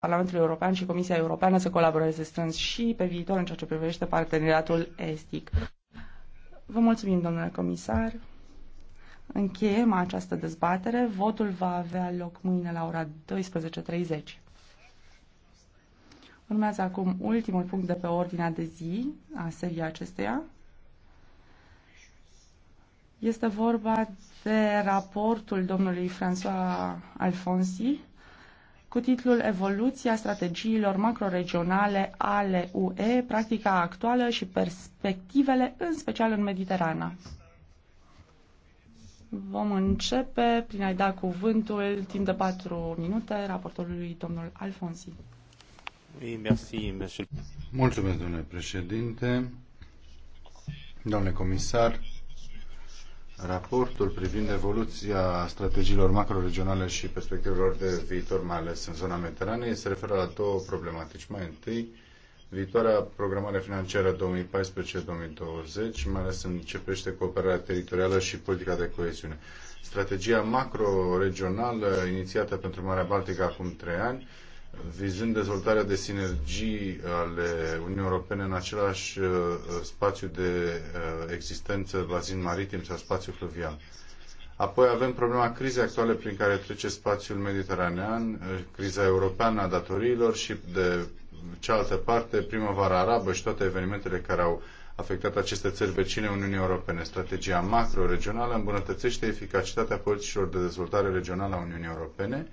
Parlamentul European și Comisia Europeană să colaboreze strâns și pe viitor în ceea ce privește parteneriatul estic. Vă mulțumim, domnule comisar. Încheiem această dezbatere. Votul va avea loc mâine la ora 12.30. Urmează acum ultimul punct de pe ordinea de zi a seriei acesteia. Este vorba de raportul domnului François Alfonsi cu titlul Evoluția strategiilor macroregionale ale UE, practica actuală și perspectivele, în special în Mediterana. Vom începe prin a-i da cuvântul timp de patru minute raportorului domnul Alfonsi. Mulțumesc, domnule președinte, domnule comisar, Raportul privind evoluția strategiilor macroregionale și perspectivelor de viitor, mai ales în zona Mediteranei, se referă la două problematici. Mai întâi, viitoarea programare financiară 2014-2020, mai ales în ce privește cooperarea teritorială și politica de coeziune. Strategia macroregională inițiată pentru Marea Baltică acum trei ani vizând dezvoltarea de sinergii ale Uniunii Europene în același uh, spațiu de uh, existență la zin maritim sau spațiu fluvial. Apoi avem problema crizei actuale prin care trece spațiul mediteranean, uh, criza europeană a datoriilor și de cealaltă parte primăvara arabă și toate evenimentele care au afectat aceste țări vecine Uniunii Europene. Strategia macro-regională îmbunătățește eficacitatea politicilor de dezvoltare regională a Uniunii Europene,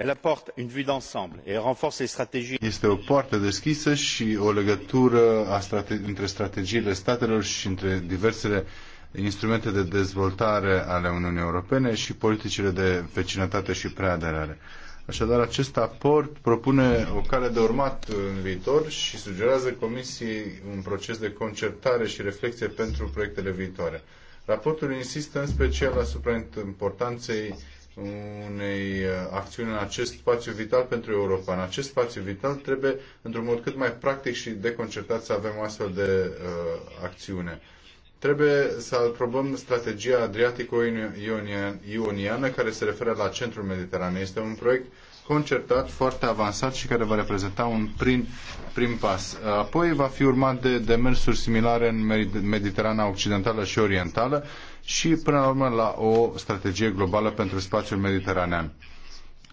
Elle apporte une vue d'ensemble et renforce les stratégies. Este o poartă deschisă și o legătură a strate- între strategiile statelor și între diversele instrumente de dezvoltare ale Uniunii Europene și politicile de vecinătate și preaderare. Așadar, acest aport propune o cale de urmat în viitor și sugerează Comisiei un proces de concertare și reflexie pentru proiectele viitoare. Raportul insistă în special asupra importanței unei uh, acțiuni în acest spațiu vital pentru Europa. În acest spațiu vital trebuie, într-un mod cât mai practic și deconcertat, să avem o astfel de uh, acțiune. Trebuie să aprobăm strategia adriatico-ioniană care se referă la centrul Mediteranei. Este un proiect concertat, foarte avansat și care va reprezenta un prim, prim pas. Apoi va fi urmat de demersuri similare în Mediterana Occidentală și Orientală și până la urmă la o strategie globală pentru spațiul mediteranean.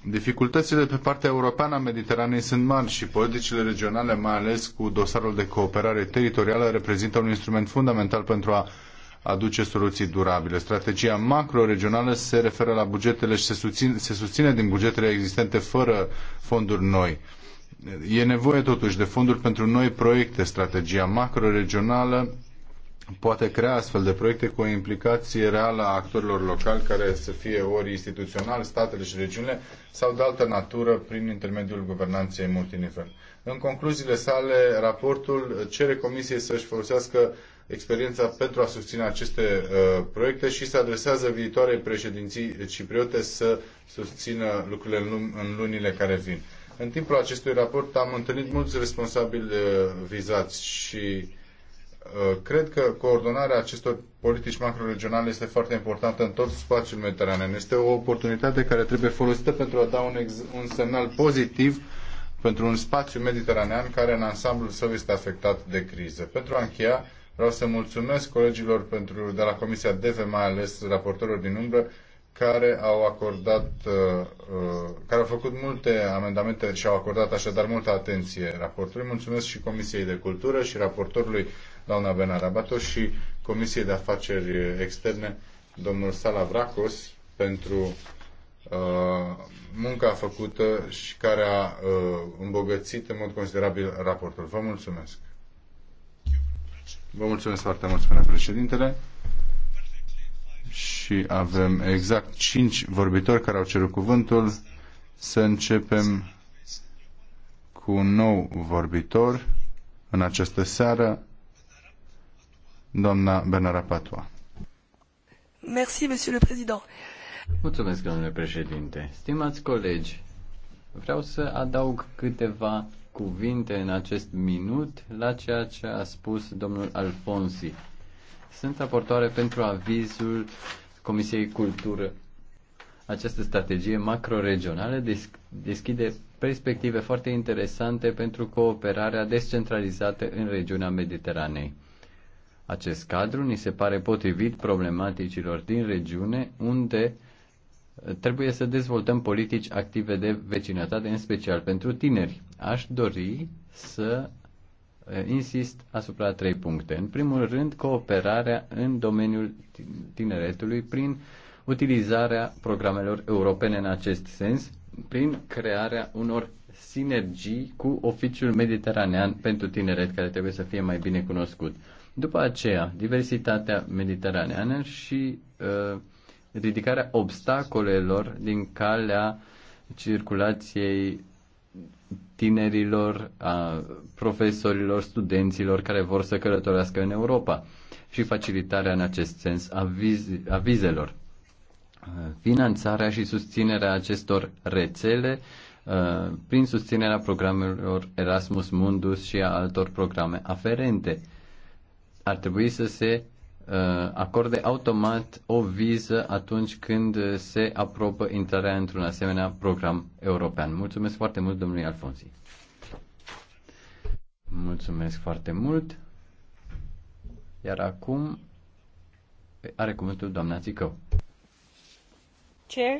Dificultățile pe partea europeană a Mediteranei sunt mari și politicile regionale, mai ales cu dosarul de cooperare teritorială, reprezintă un instrument fundamental pentru a aduce soluții durabile. Strategia macro-regională se referă la bugetele și se susține, se susține din bugetele existente fără fonduri noi. E nevoie totuși de fonduri pentru noi proiecte. Strategia macro-regională poate crea astfel de proiecte cu o implicație reală a actorilor locali care să fie ori instituțional, statele și regiunile sau de altă natură prin intermediul guvernanței multinivel. În concluziile sale, raportul cere Comisiei să-și folosească experiența pentru a susține aceste uh, proiecte și se adresează viitoarei președinții cipriote să susțină lucrurile în, lun în lunile care vin. În timpul acestui raport am întâlnit mulți responsabili uh, vizați și uh, cred că coordonarea acestor politici macroregionale este foarte importantă în tot spațiul mediteranean. Este o oportunitate care trebuie folosită pentru a da un, un semnal pozitiv pentru un spațiu mediteranean care în ansamblul său este afectat de criză. Pentru a încheia, Vreau să mulțumesc colegilor pentru, de la Comisia DEVE, mai ales raportorilor din umbră, care au acordat, uh, uh, care au făcut multe amendamente și au acordat așadar multă atenție raportului. Mulțumesc și Comisiei de Cultură și raportorului doamna Benarabato și Comisiei de Afaceri Externe, domnul Salavracos, pentru uh, munca făcută și care a îmbogățit în mod considerabil raportul. Vă mulțumesc! Vă mulțumesc foarte mult, spune președintele. Și avem exact cinci vorbitori care au cerut cuvântul. Să începem cu un nou vorbitor în această seară, doamna Bernara Patua. Merci, monsieur le président. Mulțumesc, domnule președinte. Stimați colegi, vreau să adaug câteva cuvinte în acest minut la ceea ce a spus domnul Alfonsi. Sunt raportoare pentru avizul Comisiei Cultură. Această strategie macroregională deschide perspective foarte interesante pentru cooperarea descentralizată în regiunea Mediteranei. Acest cadru ni se pare potrivit problematicilor din regiune unde trebuie să dezvoltăm politici active de vecinătate, în special pentru tineri. Aș dori să eh, insist asupra trei puncte. În primul rând, cooperarea în domeniul tineretului prin utilizarea programelor europene în acest sens, prin crearea unor sinergii cu oficiul mediteranean pentru tineret, care trebuie să fie mai bine cunoscut. După aceea, diversitatea mediteraneană și uh, ridicarea obstacolelor din calea circulației tinerilor, a profesorilor, studenților care vor să călătorească în Europa și facilitarea în acest sens a, viz, a vizelor. Finanțarea și susținerea acestor rețele prin susținerea programelor Erasmus Mundus și a altor programe aferente. Ar trebui să se Uh, acorde automat o viză atunci când se aprobă intrarea într-un asemenea program european. Mulțumesc foarte mult, domnului Alfonsi. Mulțumesc foarte mult. Iar acum are cuvântul doamna Țicău. Chair,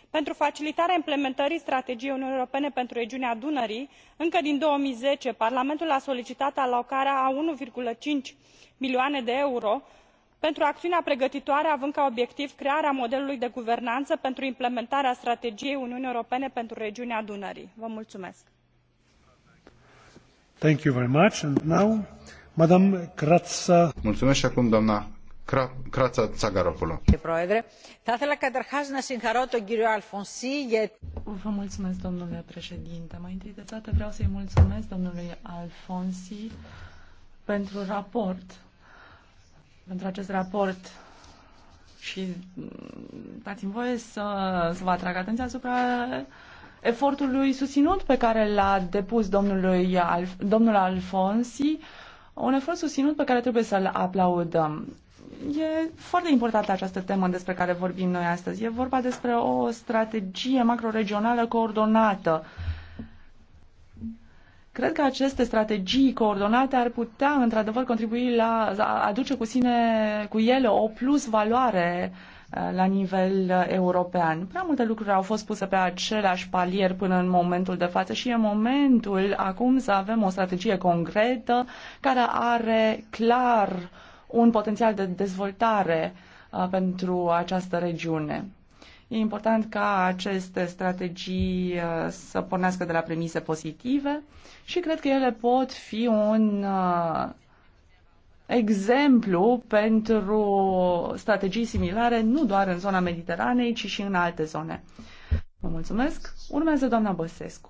pentru facilitarea implementării strategiei uniunii europene pentru regiunea dunării încă din două mii zece parlamentul a solicitat alocarea a unu cinci milioane de euro pentru aciunea pregătitoare având ca obiectiv crearea modelului de guvernană pentru implementarea strategiei uniunii europene pentru regiunea dunării. Vă mulțumesc. Mulțumesc acum, Vă mulțumesc, Mai întâi de toate vreau să-i mulțumesc domnului Alfonsi pentru raport, pentru acest raport și dați-mi voie să, să vă atrag atenția asupra efortului susținut pe care l-a depus domnului, domnul Alfonsi, un efort susținut pe care trebuie să-l aplaudăm. E foarte importantă această temă despre care vorbim noi astăzi. E vorba despre o strategie macroregională coordonată. Cred că aceste strategii coordonate ar putea, într-adevăr, contribui la a aduce cu sine, cu ele, o plus valoare uh, la nivel uh, european. Prea multe lucruri au fost puse pe același palier până în momentul de față și e momentul acum să avem o strategie concretă care are clar uh, un potențial de dezvoltare uh, pentru această regiune. E important ca aceste strategii uh, să pornească de la premise pozitive și cred că ele pot fi un uh, exemplu pentru strategii similare, nu doar în zona Mediteranei, ci și în alte zone. Vă mulțumesc. Urmează doamna Băsescu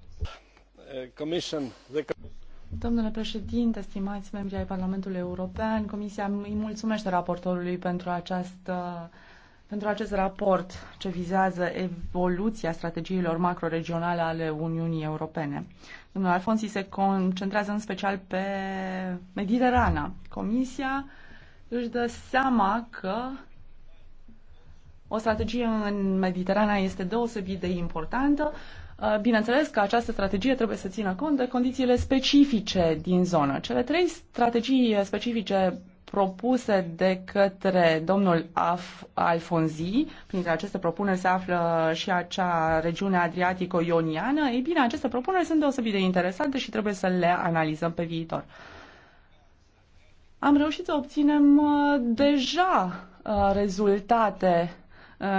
Domnule președinte, stimați membri ai Parlamentului European, Comisia îi mulțumește raportorului pentru, această, pentru acest raport ce vizează evoluția strategiilor macroregionale ale Uniunii Europene. Domnul Alfonsi se concentrează în special pe Mediterana. Comisia își dă seama că o strategie în Mediterana este deosebit de importantă, Uh, bineînțeles că această strategie trebuie să țină cont de condițiile specifice din zonă. Cele trei strategii specifice propuse de către domnul Af Alfonzi, printre aceste propuneri se află și acea regiune adriatico-ioniană, ei bine, aceste propuneri sunt deosebit de interesante și trebuie să le analizăm pe viitor. Am reușit să obținem uh, deja uh, rezultate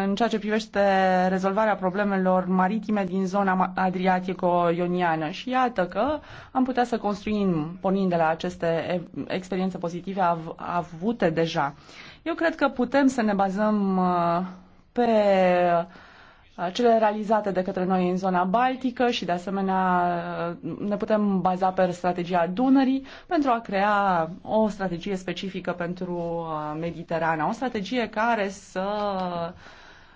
în ceea ce privește rezolvarea problemelor maritime din zona adriatico-ioniană. Și iată că am putea să construim, pornind de la aceste experiențe pozitive av- avute deja. Eu cred că putem să ne bazăm uh, pe Uh, cele realizate de către noi în zona Baltică și de asemenea uh, ne putem baza pe strategia Dunării pentru a crea o strategie specifică pentru uh, Mediterana, o strategie care să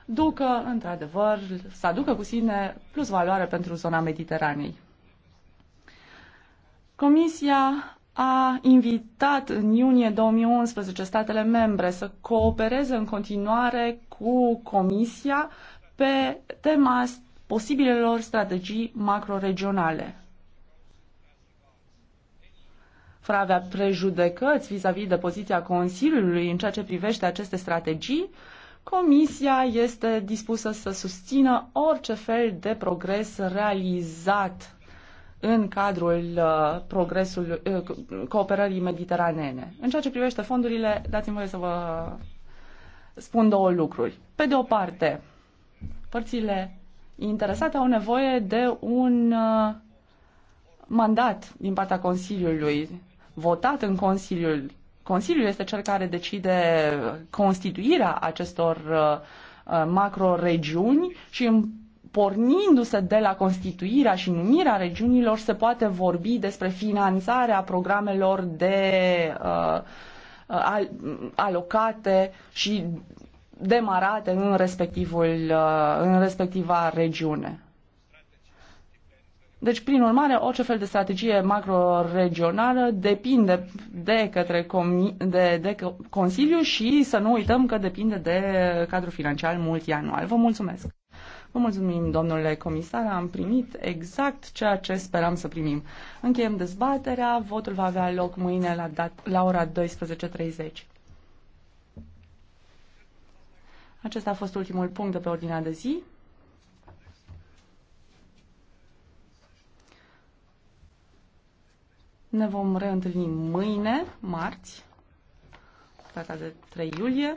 ducă, într-adevăr, să aducă cu sine plus valoare pentru zona Mediteranei. Comisia a invitat în iunie 2011 statele membre să coopereze în continuare cu Comisia pe tema posibilelor strategii macroregionale. Fără avea prejudecăți vis-a-vis -vis de poziția Consiliului în ceea ce privește aceste strategii, Comisia este dispusă să susțină orice fel de progres realizat în cadrul uh, progresului, uh, cooperării mediteranene. În ceea ce privește fondurile, dați-mi voie să vă spun două lucruri. Pe de o parte, Părțile interesate au nevoie de un uh, mandat din partea Consiliului, votat în Consiliul. Consiliul este cel care decide constituirea acestor uh, uh, macro-regiuni și în pornindu-se de la constituirea și numirea regiunilor, se poate vorbi despre finanțarea programelor de uh, al, alocate și demarate în, respectivul, uh, în respectiva regiune. Deci, prin urmare, orice fel de strategie macro-regională depinde de către comi- de, de Consiliu și să nu uităm că depinde de cadrul financiar multianual. Vă mulțumesc! Vă mulțumim, domnule comisar, am primit exact ceea ce speram să primim. Încheiem dezbaterea, votul va avea loc mâine la, dat- la ora 12.30. Acesta a fost ultimul punct de pe ordinea de zi. Ne vom reîntâlni mâine, marți, data de 3 iulie.